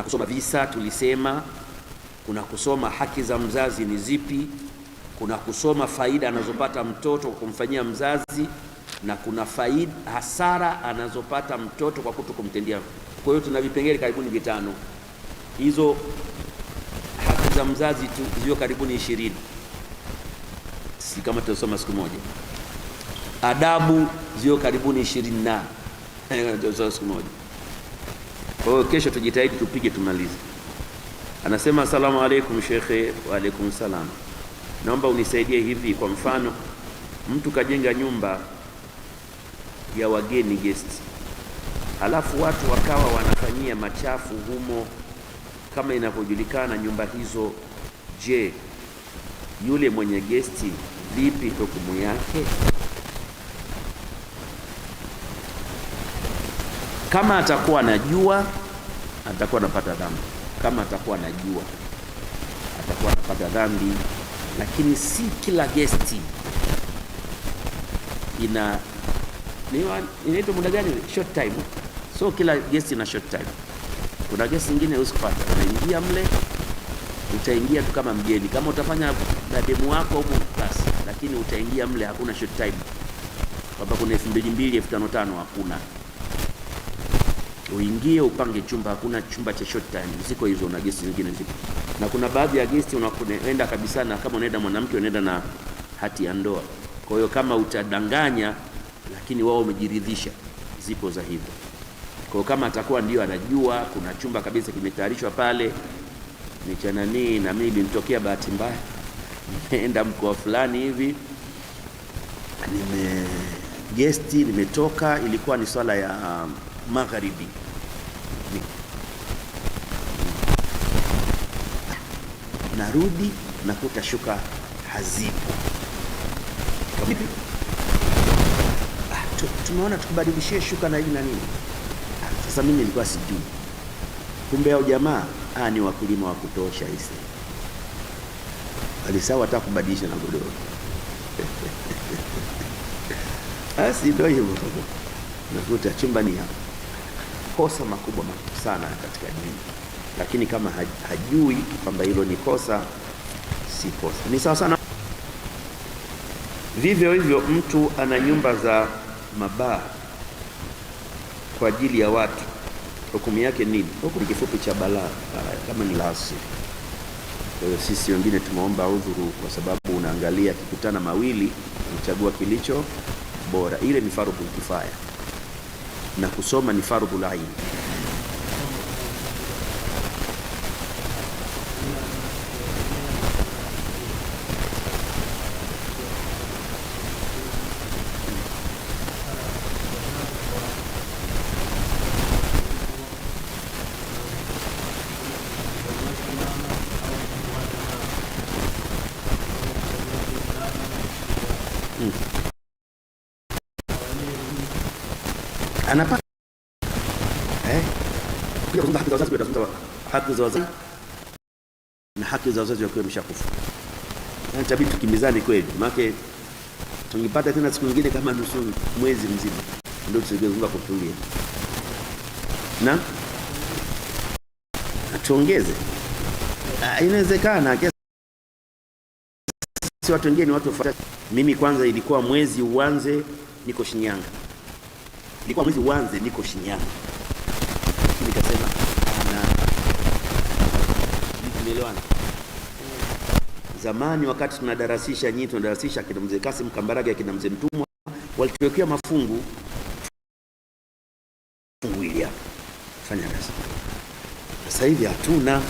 na kusoma visa. Tulisema kuna kusoma haki za mzazi ni zipi, kuna kusoma faida anazopata mtoto kwa kumfanyia mzazi, na kuna faida hasara anazopata mtoto kwa kuto kumtendia. Kwa hiyo tuna vipengele karibuni vitano. Hizo haki za mzazi tu zio karibuni ishirini, si kama tutasoma siku moja. Adabu zio karibuni ishirini na siku moja kwa hiyo kesho tujitahidi tupige tumalize. Anasema asalamu alaykum shekhe. Wa alaykum salam, naomba unisaidie hivi. Kwa mfano, mtu kajenga nyumba ya wageni guest, alafu watu wakawa wanafanyia machafu humo kama inavyojulikana nyumba hizo. Je, yule mwenye gesti vipi hukumu yake? Kama atakuwa anajua atakuwa anapata dhambi. Kama atakuwa anajua atakuwa anapata dhambi, lakini si kila gesti ina inaitwa muda gani, short time. So kila gesti ina short time. Kuna gesti nyingine usipata unaingia mle, utaingia tu kama mgeni, kama utafanya dademu wako huko basi, lakini utaingia mle, hakuna short time kwamba kuna elfu mbili mbili elfu tano tano, hakuna uingie upange chumba, hakuna chumba cha short time, ziko hizo na gesti zingine ziko, na kuna baadhi ya gesti unakwenda kabisa, na kama unaenda mwanamke unaenda na hati ya ndoa. Kwa hiyo kama utadanganya, lakini wao umejiridhisha, zipo za hivyo. Kwa hiyo kama atakuwa ndio anajua kuna chumba kabisa kimetayarishwa pale ni cha nani, na mimi ilinitokea bahati mbaya, nimeenda mkoa fulani hivi, nime gesti, nimetoka, ilikuwa ni swala ya um, magharibi. Narudi nakuta shuka hazipo. Ah, tumeona tukubadilishie shuka na hivi na nini. Ah, sasa mimi nilikuwa sijui, kumbe hao jamaa ah, ni wakulima wa kutosha hisi alisawa hata kubadilisha na godoro basi. Ndio hivyo nakuta chumba ni hapo makosa makubwa sana katika dini, lakini kama hajui kwamba hilo ni kosa, si kosa, ni sawa sana. Vivyo hivyo mtu ana nyumba za mabaa kwa ajili ya watu, hukumu yake nini? ni kifupi cha balaa, kama ni laasi. Kwa hiyo sisi wengine tumeomba udhuru, kwa sababu unaangalia kikutana mawili, uchagua kilicho bora. Ile ni faruku kifaya na kusoma ni fardhu laini. anapata eh, pia kuzungumza haki za wazazi, pia haki za wazazi na haki za wazazi wakiwa wameshakufa, yani itabidi tukimizane kweli, maana tungipata tena siku nyingine kama nusu mwezi mzima, ndio tusingezunguka kutulia na tuongeze. Ah, inawezekana kiasi watu wengine ni watu wafuatao. Mimi kwanza ilikuwa mwezi uanze, niko Shinyanga nilikuwa mwezi uanze niko Shinyanga, nikasema na tumeelewana zamani, wakati tunadarasisha nyinyi, tunadarasisha akina mzee Kasim Kambarage, akina mzee Mtumwa walituwekea mafungu fungu ili hapa fanya kazi. Sasa hivi hatuna.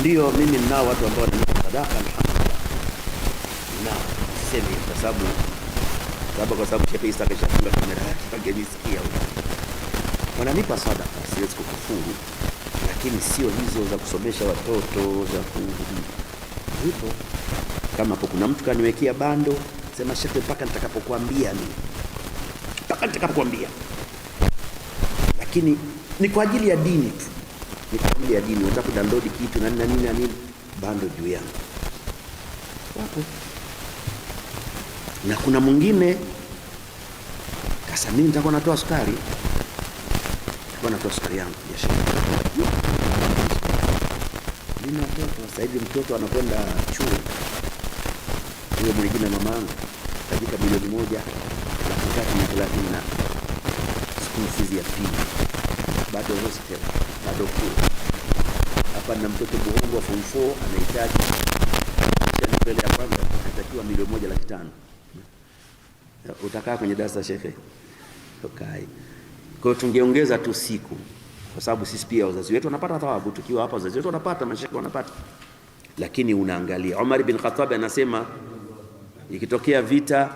Ndio mimi ninao watu ambao wananipa sadaka, alhamdulillah, na sisemi kwa sababu labda kwa sababu Chapesa akishafunga kamera yake angenisikia huyo. Wananipa sadaka, siwezi kukufuru, lakini sio hizo za kusomesha watoto za kuhudumia hivyo. Kama hapo kuna mtu kaniwekea bando, sema shehe, mpaka nitakapokuambia mimi, mpaka nitakapokuambia. Lakini ni kwa ajili ya dini tu, ni kwa ajili ya dini. Unataka kudownload kitu na nini na nini, bando juu yangu wapo na kuna mwingine sasa mimi nitakuwa natoa sukari, nitakuwa natoa sukari yangu biashara. na watoto sasa hivi, mtoto anakwenda chuo, huyo mwingine yangu katika bilioni moja laki tatu na thelathini na school fees ya pili, bado hostel, bado kula hapa. Na mtoto Buhongo wa form 4 anahitaji mbele ya kwanza anatakiwa milioni moja laki tano Utakaa kwenye darasa shekhe, ukai. Kwa hiyo tungeongeza tu siku, kwa sababu sisi pia wazazi wetu wanapata thawabu, tukiwa hapa wazazi wetu wanapata, mashekhe wanapata, lakini unaangalia, Umar bin Khattab anasema ikitokea vita,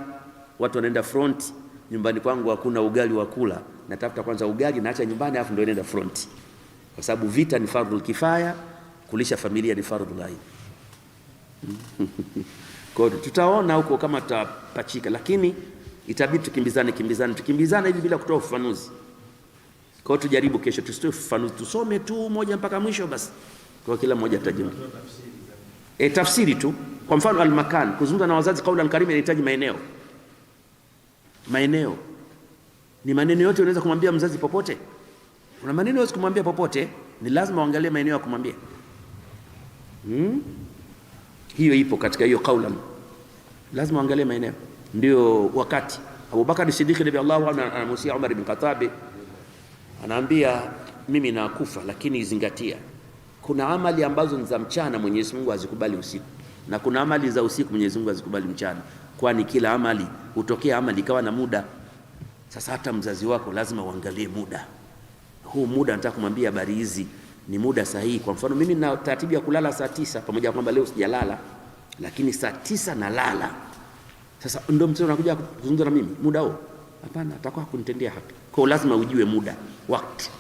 watu wanaenda front, nyumbani kwangu hakuna ugali wa kula, natafuta kwanza ugali naacha nyumbani, afu ndio naenda front, kwa sababu vita ni fardhu kifaya, kulisha familia ni fardhu ain. Kwa hiyo tutaona huko kama tutapachika, lakini itabidi tukimbizane kimbizane tukimbizane hivi bila kutoa ufafanuzi. Kwa hiyo tujaribu kesho, tusitoe ufafanuzi, tusome tu moja mpaka mwisho basi, kwa kila mmoja atajua e, tafsiri tu. Kwa mfano almakan, kuzungumza na wazazi kaulan karima, inahitaji maeneo. Maeneo ni maneno yote unaweza kumwambia mzazi popote. Kuna maneno unaweza kumwambia popote, ni lazima uangalie maeneo ya kumwambia. Hmm? Hiyo ipo katika hiyo kaulan, lazima uangalie maeneo ndio wakati Abubakar Siddiq radhiallahu anhu anamusia Umar bin Khattab, anaambia mimi nakufa, lakini izingatia, kuna amali ambazo ni za mchana Mwenyezi Mungu hazikubali usiku, na kuna amali za usiku Mwenyezi Mungu hazikubali mchana, kwani kila amali hutokea amali ikawa na muda. Sasa hata mzazi wako lazima uangalie muda huu. Muda nataka kumwambia habari hizi ni muda sahihi. Kwa mfano mimi na taratibu ya kulala saa tisa, pamoja na kwamba leo sijalala, lakini saa tisa nalala sasa ndio mtu anakuja kuzungumza na mimi muda huo? Hapana, atakuwa kunitendea haki. Kwa lazima ujue muda wakati,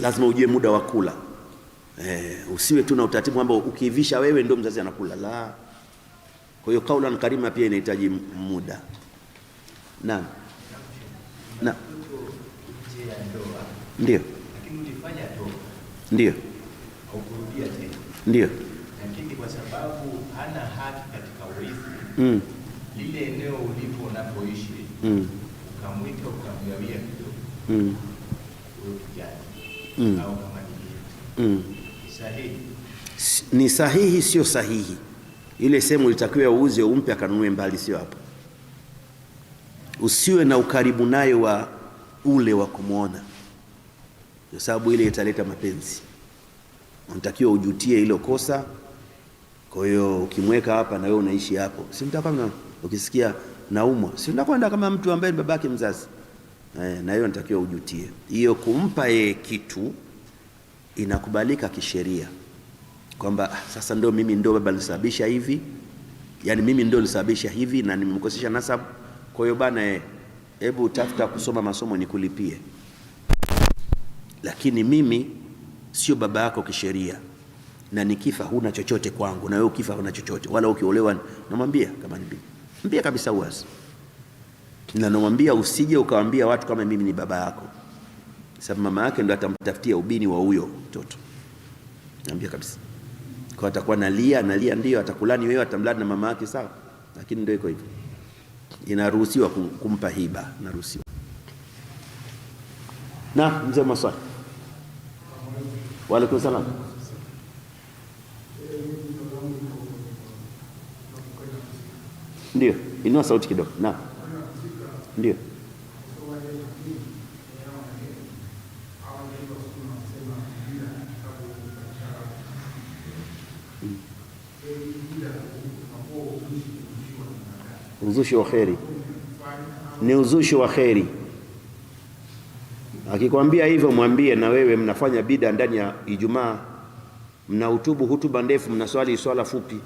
lazima ujue muda wa kula eh, usiwe tu na utaratibu kwamba ukiivisha wewe ndio mzazi anakula la. Kwa hiyo kaulan karima pia inahitaji muda. na, na ndio ndio ndio lakini kwa sababu hana haki katika urithi mm. lile eneo ulipo unapoishi mm. ukamwita ukamgawia kidogo mm. huyo kijana mm. au kama mm. ni sahihi? Ni sahihi, sio sahihi? Ile sehemu ulitakiwa uuze umpe akanunue mbali, sio hapo. Usiwe na ukaribu naye wa ule wa kumwona, kwa sababu ile italeta mapenzi. Unatakiwa ujutie hilo kosa. Kwa hiyo ukimweka hapa na wewe unaishi hapo, si mtakuwa na ukisikia naumwa, si unakwenda kama mtu ambaye babake mzazi eh, na hiyo natakiwa ujutie. Hiyo kumpa yeye kitu inakubalika kisheria kwamba ah, sasa ndo mimi ndo baba nilisababisha hivi, yani mimi ndio nilisababisha hivi na nimemkosesha nasabu. Kwa hiyo bana, eh, hebu tafuta kusoma masomo nikulipie, lakini mimi sio baba yako kisheria na nikifa huna chochote kwangu, na wewe ukifa huna chochote, wala ukiolewa. Namwambia kama ni bibi, mwambia kabisa uwazi, na namwambia usije ukawaambia watu kama mimi ni baba yako, sababu mama yake ndo atamtafutia ubini wa huyo mtoto. Namwambia kabisa kwa atakuwa nalia nalia, ndio atakulani wewe, atamlani na mama yake, sawa, lakini ndio iko hivyo. Inaruhusiwa kumpa hiba, inaruhusiwa. Na mzee maswali, wa alaikum salaam. Ndio, inua sauti kidogo. Naam, ndio uzushi wa kheri, ni uzushi wa kheri. Akikwambia hivyo, mwambie na wewe mnafanya bida ndani ya Ijumaa, mnahutubu hutuba ndefu, mnaswali swala fupi.